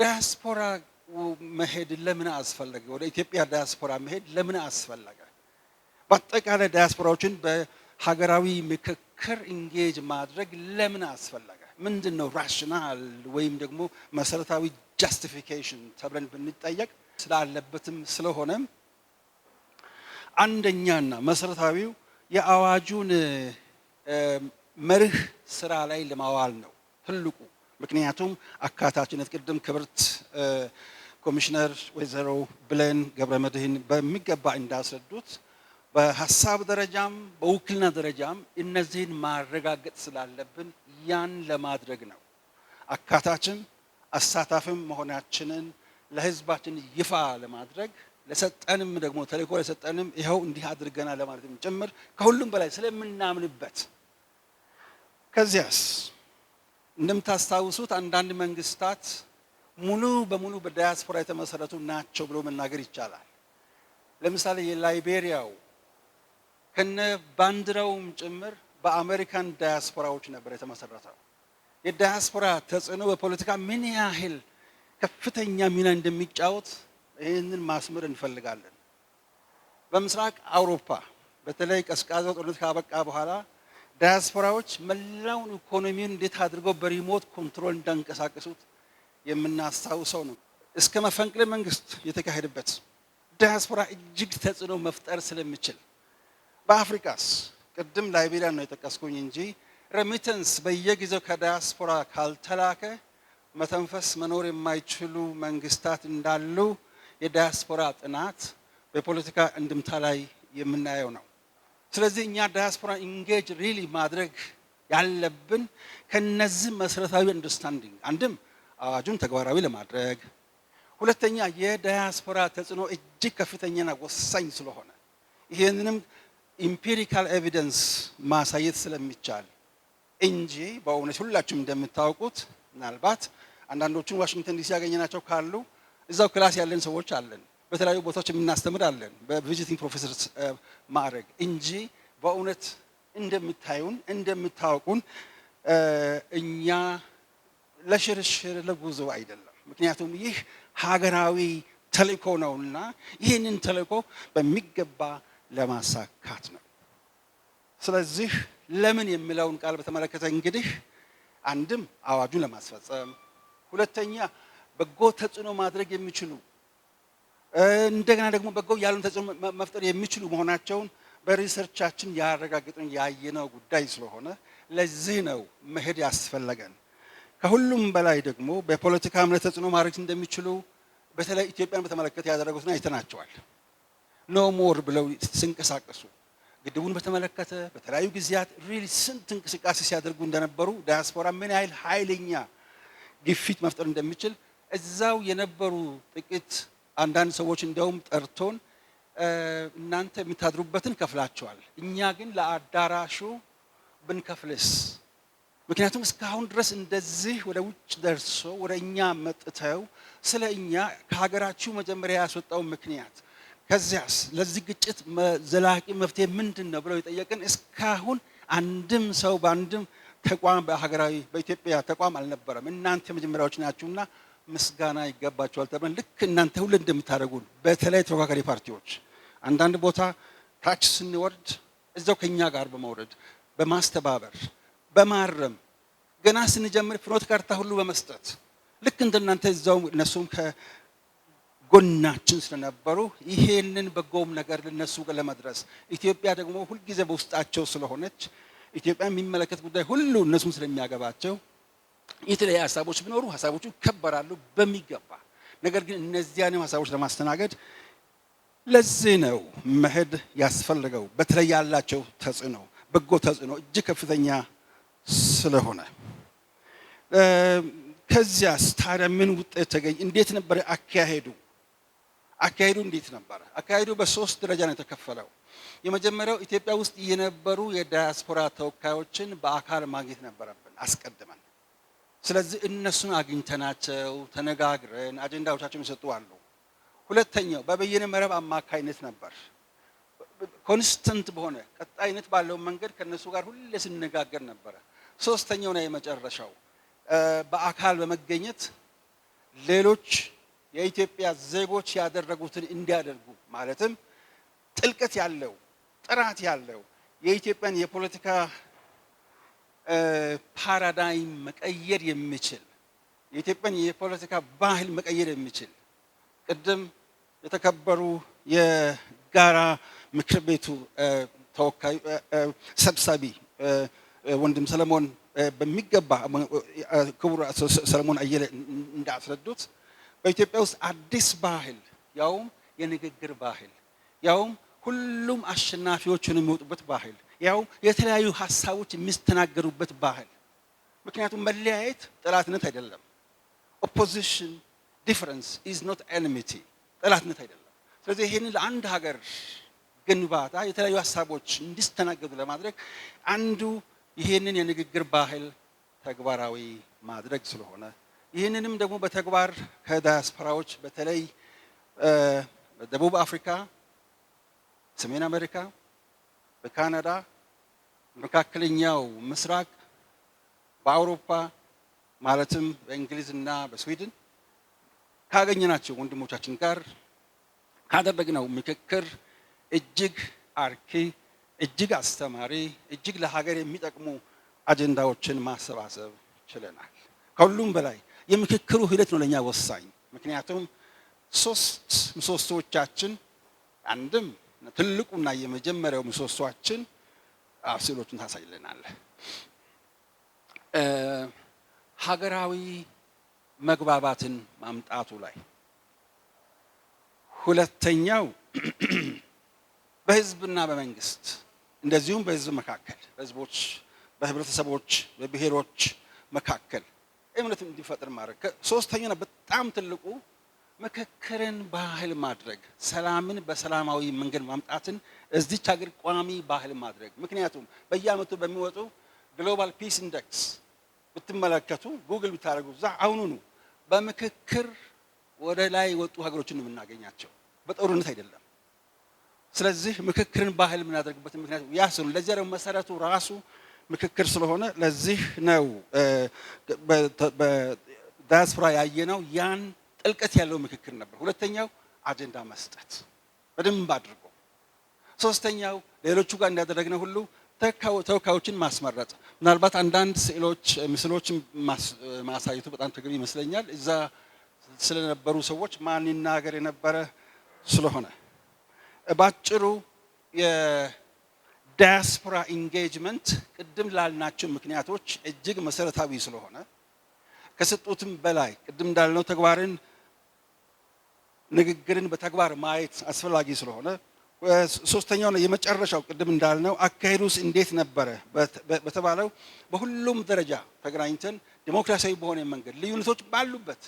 ዳያስፖራ መሄድ ለምን አስፈለገ? ወደ ኢትዮጵያ ዳያስፖራ መሄድ ለምን አስፈለገ? በአጠቃላይ ዳያስፖራዎችን በሀገራዊ ምክክር ኢንጌጅ ማድረግ ለምን አስፈለገ? ምንድን ነው ራሽናል ወይም ደግሞ መሰረታዊ ጃስቲፊኬሽን ተብለን ብንጠየቅ ስላለበትም ስለሆነም አንደኛና መሰረታዊው የአዋጁን መርህ ስራ ላይ ለማዋል ነው ትልቁ ምክንያቱም አካታችነት ቅድም ክብርት ኮሚሽነር ወይዘሮ ገብረ መድህን በሚገባ እንዳስረዱት በሀሳብ ደረጃም በውክልና ደረጃም እነዚህን ማረጋገጥ ስላለብን ያን ለማድረግ ነው። አካታችን አሳታፍም መሆናችንን ለህዝባችን ይፋ ለማድረግ ለሰጠንም ደግሞ ተልእኮ ለሰጠንም ይኸው እንዲህ አድርገና ለማለትም ጭምር ከሁሉም በላይ ስለምናምንበት ከዚያስ እንደምታስታውሱት አንዳንድ መንግስታት ሙሉ በሙሉ በዳያስፖራ የተመሰረቱ ናቸው ብሎ መናገር ይቻላል። ለምሳሌ የላይቤሪያው ከነ ባንዲራውም ጭምር በአሜሪካን ዳያስፖራዎች ነበር የተመሰረተው። የዳያስፖራ ተጽዕኖ በፖለቲካ ምን ያህል ከፍተኛ ሚና እንደሚጫወት ይህንን ማስመር እንፈልጋለን። በምስራቅ አውሮፓ በተለይ ቀዝቃዛው ጦርነት ካበቃ በኋላ ዳያስፖራዎች መላውን ኢኮኖሚውን እንዴት አድርገው በሪሞት ኮንትሮል እንዳንቀሳቀሱት የምናስታውሰው ነው። እስከ መፈንቅለ መንግስት የተካሄደበት ዳያስፖራ እጅግ ተጽዕኖ መፍጠር ስለሚችል በአፍሪካስ ቅድም ላይቤሪያ ነው የጠቀስኩኝ እንጂ ሬሚተንስ በየጊዜው ከዳያስፖራ ካልተላከ መተንፈስ መኖር የማይችሉ መንግስታት እንዳሉ የዳያስፖራ ጥናት በፖለቲካ እንድምታ ላይ የምናየው ነው። ስለዚህ እኛ ዳያስፖራ ኢንጌጅ ሪሊ ማድረግ ያለብን ከነዚህ መሰረታዊ አንደርስታንዲንግ አንድም አዋጁን ተግባራዊ ለማድረግ ሁለተኛ የዳያስፖራ ተጽዕኖ እጅግ ከፍተኛና ወሳኝ ስለሆነ ይህንንም ኢምፒሪካል ኤቪደንስ ማሳየት ስለሚቻል እንጂ በእውነት ሁላችሁም እንደምታውቁት ምናልባት አንዳንዶቹን ዋሽንግተን ዲሲ ያገኘናቸው ካሉ እዛው ክላስ ያለን ሰዎች አለን። በተለያዩ ቦታዎች አለን በቪዚቲንግ ፕሮፌሰር ማዕረግ እንጂ በእውነት እንደምታዩን እንደምታውቁን እኛ ለሽርሽር ለጉዞ አይደለም። ምክንያቱም ይህ ሀገራዊ ተልእኮ ነውና ይህንን ተልእኮ በሚገባ ለማሳካት ነው። ስለዚህ ለምን የሚለውን ቃል በተመለከተ እንግዲህ አንድም አዋጁን ለማስፈጸም፣ ሁለተኛ በጎ ተጽዕኖ ማድረግ የሚችሉ እንደገና ደግሞ በጎ ያሉን ተጽዕኖ መፍጠር የሚችሉ መሆናቸውን በሪሰርቻችን ያረጋግጥን ያየነው ጉዳይ ስለሆነ ለዚህ ነው መሄድ ያስፈለገን። ከሁሉም በላይ ደግሞ በፖለቲካ እምነት ተጽዕኖ ማድረግ እንደሚችሉ በተለይ ኢትዮጵያን በተመለከተ ያደረጉትን አይተናቸዋል። ኖ ሞር ብለው ሲንቀሳቀሱ ግድቡን በተመለከተ በተለያዩ ጊዜያት ሪል ስንት እንቅስቃሴ ሲያደርጉ እንደነበሩ ዳያስፖራ ምን ያህል ኃይለኛ ግፊት መፍጠር እንደሚችል እዛው የነበሩ ጥቂት አንዳንድ ሰዎች እንደውም ጠርቶን እናንተ የምታድሩበትን ከፍላቸዋል፣ እኛ ግን ለአዳራሹ ብንከፍልስ? ምክንያቱም እስካሁን ድረስ እንደዚህ ወደ ውጭ ደርሶ ወደ እኛ መጥተው ስለ እኛ ከሀገራችሁ መጀመሪያ ያስወጣው ምክንያት ከዚያስ ለዚህ ግጭት ዘላቂ መፍትሄ ምንድን ነው ብለው የጠየቅን እስካሁን አንድም ሰው በአንድም ተቋም በሀገራዊ በኢትዮጵያ ተቋም አልነበረም። እናንተ መጀመሪያዎች ናችሁና ምስጋና ይገባቸዋል ተብለን ልክ እናንተ ሁሉ እንደምታደርጉን በተለይ ተፎካካሪ ፓርቲዎች አንዳንድ ቦታ ታች ስንወርድ እዛው ከኛ ጋር በመውረድ በማስተባበር በማረም ገና ስንጀምር ፍኖት ካርታ ሁሉ በመስጠት ልክ እናንተ እዛው እነሱም ከጎናችን ስለነበሩ ይሄንን በጎም ነገር ለነሱ ለመድረስ ኢትዮጵያ ደግሞ ሁልጊዜ በውስጣቸው ስለሆነች ኢትዮጵያ የሚመለከት ጉዳይ ሁሉ እነሱም ስለሚያገባቸው የተለያዩ ሀሳቦች ቢኖሩ ሀሳቦቹ ይከበራሉ በሚገባ። ነገር ግን እነዚያንም ሀሳቦች ለማስተናገድ ለዚህ ነው መሄድ ያስፈልገው። በተለይ ያላቸው ተጽዕኖ በጎ ተጽዕኖ እጅግ ከፍተኛ ስለሆነ ከዚያስ ታዲያ ምን ውጤት ተገኘ? እንዴት ነበር አካሄዱ? አካሄዱ እንዴት ነበረ? አካሄዱ በሶስት ደረጃ ነው የተከፈለው። የመጀመሪያው ኢትዮጵያ ውስጥ የነበሩ የዳያስፖራ ተወካዮችን በአካል ማግኘት ነበረብን አስቀድመን ስለዚህ እነሱን አግኝተናቸው ተነጋግረን አጀንዳዎቻቸውን የሚሰጡ አሉ። ሁለተኛው በበየነ መረብ አማካይነት ነበር። ኮንስተንት በሆነ ቀጣይነት ባለው መንገድ ከነሱ ጋር ሁሌ ስንነጋገር ነበረ። ሶስተኛውና የመጨረሻው በአካል በመገኘት ሌሎች የኢትዮጵያ ዜጎች ያደረጉትን እንዲያደርጉ ማለትም ጥልቀት ያለው ጥራት ያለው የኢትዮጵያን የፖለቲካ ፓራዳይም መቀየር የሚችል የኢትዮጵያን የፖለቲካ ባህል መቀየር የሚችል ቅድም የተከበሩ የጋራ ምክር ቤቱ ተወካዩ ሰብሳቢ ወንድም ሰለሞን በሚገባ ክቡር ሰለሞን አየለ እንዳስረዱት በኢትዮጵያ ውስጥ አዲስ ባህል ያውም የንግግር ባህል ያውም ሁሉም አሸናፊዎች የሚወጡበት ባህል ያው የተለያዩ ሀሳቦች የሚስተናገዱበት ባህል። ምክንያቱም መለያየት ጠላትነት አይደለም። ኦፖዚሽን ዲፍረንስ ኢዝ ኖት ኤንሚቲ ጠላትነት አይደለም። ስለዚህ ይህንን ለአንድ ሀገር ግንባታ የተለያዩ ሀሳቦች እንዲስተናገዱ ለማድረግ አንዱ ይህንን የንግግር ባህል ተግባራዊ ማድረግ ስለሆነ ይህንንም ደግሞ በተግባር ከዳያስፖራዎች በተለይ ደቡብ አፍሪካ፣ ሰሜን አሜሪካ በካናዳ፣ መካከለኛው ምስራቅ፣ በአውሮፓ ማለትም በእንግሊዝና በስዊድን ካገኘናቸው ወንድሞቻችን ጋር ካደረግነው ምክክር እጅግ አርኪ፣ እጅግ አስተማሪ፣ እጅግ ለሀገር የሚጠቅሙ አጀንዳዎችን ማሰባሰብ ችለናል። ከሁሉም በላይ የምክክሩ ሂደት ነው ለእኛ ወሳኝ። ምክንያቱም ሶስት ምሰሶዎቻችን አንድም ትልቁና የመጀመሪያው ምሰሶችን ስዕሎቹን ታሳይልናለ። ሀገራዊ መግባባትን ማምጣቱ ላይ ሁለተኛው በህዝብና በመንግስት እንደዚሁም በህዝብ መካከል በህዝቦች፣ በህብረተሰቦች፣ በብሔሮች መካከል እምነት እንዲፈጥር ማድረግ ሶስተኛና በጣም ትልቁ ምክክርን ባህል ማድረግ፣ ሰላምን በሰላማዊ መንገድ ማምጣትን እዚች ሀገር ቋሚ ባህል ማድረግ። ምክንያቱም በየአመቱ በሚወጡ ግሎባል ፒስ ኢንደክስ ብትመለከቱ፣ ጉግል ብታደርጉ እዛ አሁኑኑ በምክክር ወደ ላይ የወጡ ሀገሮችን የምናገኛቸው በጦርነት አይደለም። ስለዚህ ምክክርን ባህል የምናደርግበትን ምክንያት ያ ለዚያ ደግሞ መሰረቱ ራሱ ምክክር ስለሆነ ለዚህ ነው በዲያስፖራ ያየነው ያን ጥልቀት ያለው ምክክር ነበር። ሁለተኛው አጀንዳ መስጠት በደንብ አድርጎ፣ ሶስተኛው ሌሎቹ ጋር እንዳደረግነው ሁሉ ተወካዮችን ማስመረጥ። ምናልባት አንዳንድ ስዕሎች፣ ምስሎችን ማሳየቱ በጣም ተገቢ ይመስለኛል። እዛ ስለነበሩ ሰዎች ማን ይናገር የነበረ ስለሆነ ባጭሩ የዳያስፖራ ኢንጌጅመንት ቅድም ላልናቸው ምክንያቶች እጅግ መሰረታዊ ስለሆነ ከሰጡትም በላይ ቅድም እንዳልነው ተግባርን ንግግርን በተግባር ማየት አስፈላጊ ስለሆነ ሶስተኛው የመጨረሻው ቅድም እንዳልነው አካሄዱስ እንዴት ነበረ በተባለው በሁሉም ደረጃ ተገናኝተን ዲሞክራሲያዊ በሆነ መንገድ ልዩነቶች ባሉበት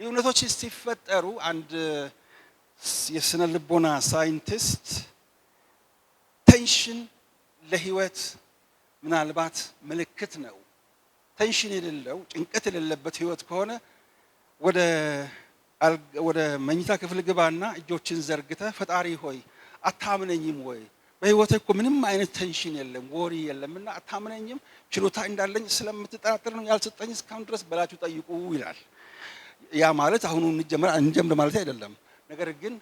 ልዩነቶች ሲፈጠሩ አንድ የስነ ልቦና ሳይንቲስት ቴንሽን ለህይወት ምናልባት ምልክት ነው ቴንሽን የሌለው ጭንቀት የሌለበት ህይወት ከሆነ ወደ መኝታ ክፍል ግባና እጆችን ዘርግተ ፈጣሪ ሆይ አታምነኝም ወይ? በህይወቴ እኮ ምንም አይነት ቴንሽን የለም ወሪ የለምና አታምነኝም፣ ችሎታ እንዳለኝ ስለምትጠራጥር ነው ያልሰጠኝ እስካሁን ድረስ በላችሁ ጠይቁ ይላል። ያ ማለት አሁኑ እንጀምር ማለት አይደለም። ነገር ግን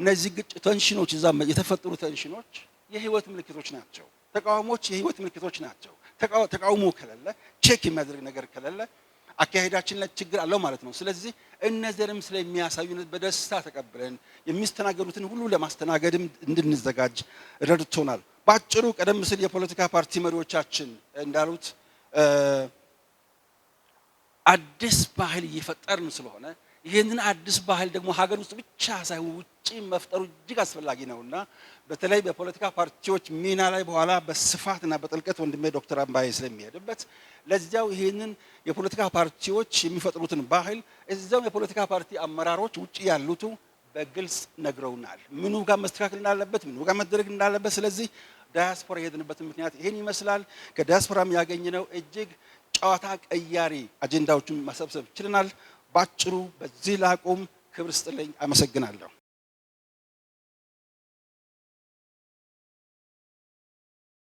እነዚህ ግጭት ቴንሽኖች፣ እዛ የተፈጠሩ ቴንሽኖች የህይወት ምልክቶች ናቸው። ተቃውሞች የህይወት ምልክቶች ናቸው። ተቃውሞ ከሌለ ቼክ የሚያደርግ ነገር ከሌለ አካሄዳችን ላይ ችግር አለው ማለት ነው። ስለዚህ እነዚህንም ስለሚያሳዩን በደስታ ተቀብለን የሚስተናገዱትን ሁሉ ለማስተናገድም እንድንዘጋጅ ረድቶናል። በአጭሩ ቀደም ሲል የፖለቲካ ፓርቲ መሪዎቻችን እንዳሉት አዲስ ባህል እየፈጠርን ስለሆነ ይህንን አዲስ ባህል ደግሞ ሀገር ውስጥ ብቻ ሳይሆን ውጭ መፍጠሩ እጅግ አስፈላጊ ነውና በተለይ በፖለቲካ ፓርቲዎች ሚና ላይ በኋላ በስፋትና በጥልቀት ወንድሜ ዶክተር አምባዬ ስለሚሄድበት ለዚያው ይህንን የፖለቲካ ፓርቲዎች የሚፈጥሩትን ባህል እዚያው የፖለቲካ ፓርቲ አመራሮች ውጭ ያሉቱ በግልጽ ነግረውናል። ምኑ ጋር መስተካከል እንዳለበት፣ ምኑ ጋር መደረግ እንዳለበት። ስለዚህ ዳያስፖራ የሄድንበት ምክንያት ይህን ይመስላል። ከዳያስፖራም ያገኘነው እጅግ ጨዋታ ቀያሪ አጀንዳዎችን መሰብሰብ ችለናል። ባጭሩ በዚህ ላቁም። ክብር ስጥልኝ። አመሰግናለሁ።